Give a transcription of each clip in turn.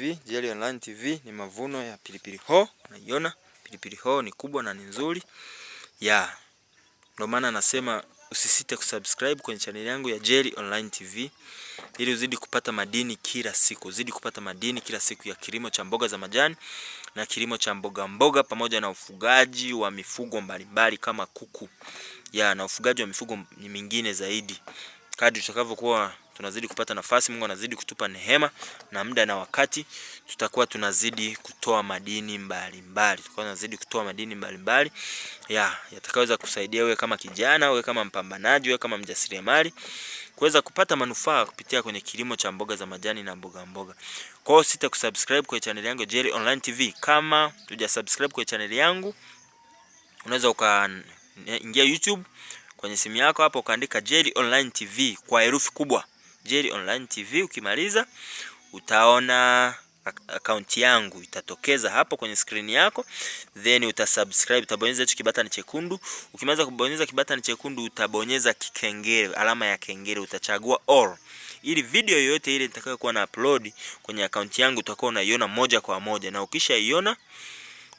TV, Jelly Online TV ni mavuno ya pilipili hoho. Unaiona pilipili hoho ni kubwa na ni nzuri ya yeah. Ndio maana nasema usisite kusubscribe kwenye chaneli yangu ya Jelly Online TV ili uzidi kupata madini kila siku, uzidi kupata madini kila siku ya kilimo cha mboga za majani na kilimo cha mboga mboga pamoja na ufugaji wa mifugo mbalimbali kama kuku ya yeah, na ufugaji wa mifugo mingine zaidi kadri utakavyokuwa tunazidi kupata nafasi, Mungu anazidi kutupa neema na muda na wakati, tutakuwa tunazidi kutoa madini mbalimbali, tutakuwa tunazidi kutoa madini mbalimbali ya yatakayoweza kusaidia wewe kama kijana, wewe kama mpambanaji, wewe kama mjasiriamali kuweza kupata manufaa kupitia kwenye kilimo cha mboga za majani na mboga mboga. Kwa hiyo sita kusubscribe kwenye channel yangu Jerry Online TV. Kama hujasubscribe kwenye channel yangu, unaweza ukaingia YouTube kwenye simu yako hapo ukaandika Jerry Online TV kwa herufi kubwa. Jerry Online TV. Ukimaliza utaona akaunti yangu itatokeza hapo kwenye skrini yako, then utasubscribe, utabonyeza hicho kibatani chekundu. Ukimaliza kubonyeza kibatani chekundu, utabonyeza kikengele, alama ya kengele, utachagua all ili video yoyote ile nitakayokuwa na upload kwenye akaunti yangu utakuwa unaiona moja kwa moja, na ukishaiona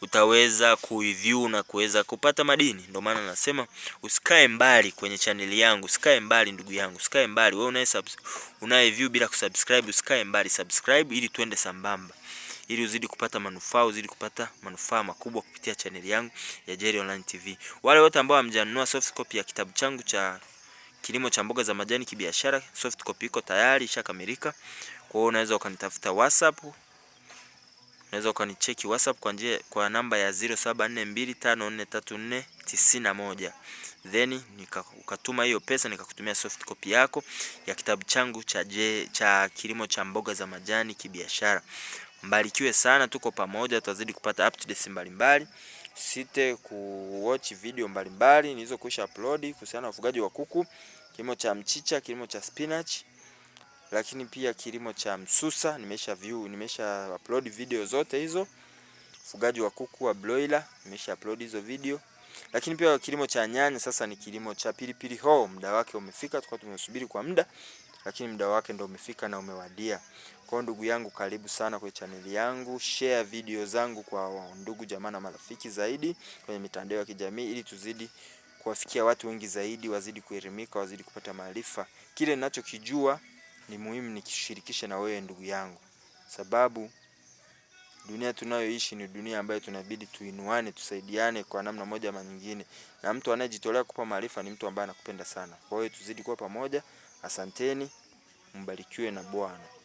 utaweza kuiview na kuweza kupata madini. Ndio maana nasema usikae mbali kwenye chaneli yangu, usikae mbali ndugu yangu, usikae mbali wewe unaye unaye view bila kusubscribe, usikae mbali, subscribe ili tuende sambamba, ili uzidi kupata manufaa, uzidi kupata manufaa makubwa kupitia chaneli yangu ya Jerry Online TV. Wale wote ambao hamjanunua soft copy ya kitabu changu cha kilimo cha mboga za majani kibiashara, soft copy iko tayari, ishakamilika. Kwa hiyo unaweza ukanitafuta WhatsApp unaweza ukanicheki whatsapp kwa njia kwa namba ya 0742543491 then nika, ukatuma hiyo pesa nikakutumia soft copy yako ya kitabu changu cha, je, cha kilimo cha mboga za majani kibiashara mbarikiwe sana tuko pamoja tutazidi kupata updates mbalimbali site kuwatch video mbalimbali nilizokwisha upload kuhusiana na ufugaji wa kuku kilimo cha mchicha kilimo cha spinach lakini pia kilimo cha msusa nimesha view, nimesha upload video zote hizo. Ufugaji wa kuku wa broiler nimesha upload hizo video, lakini pia kilimo cha nyanya. Sasa ni kilimo cha pilipili hoho, muda wake umefika, tukao tumesubiri kwa muda, lakini muda wake ndo umefika na umewadia. Kwa ndugu yangu, karibu sana kwenye chaneli yangu, share video zangu kwa ndugu jamaa na marafiki zaidi kwenye mitandao ya kijamii, ili tuzidi kuwafikia watu wengi zaidi, wazidi kuelimika, wazidi kupata maarifa kile ninachokijua ni muhimu nikishirikishe na wewe ndugu yangu, sababu dunia tunayoishi ni dunia ambayo tunabidi tuinuane, tusaidiane kwa namna moja ama nyingine, na mtu anayejitolea kupa maarifa ni mtu ambaye anakupenda sana. Kwa hiyo tuzidi kuwa pamoja, asanteni, mbarikiwe na Bwana.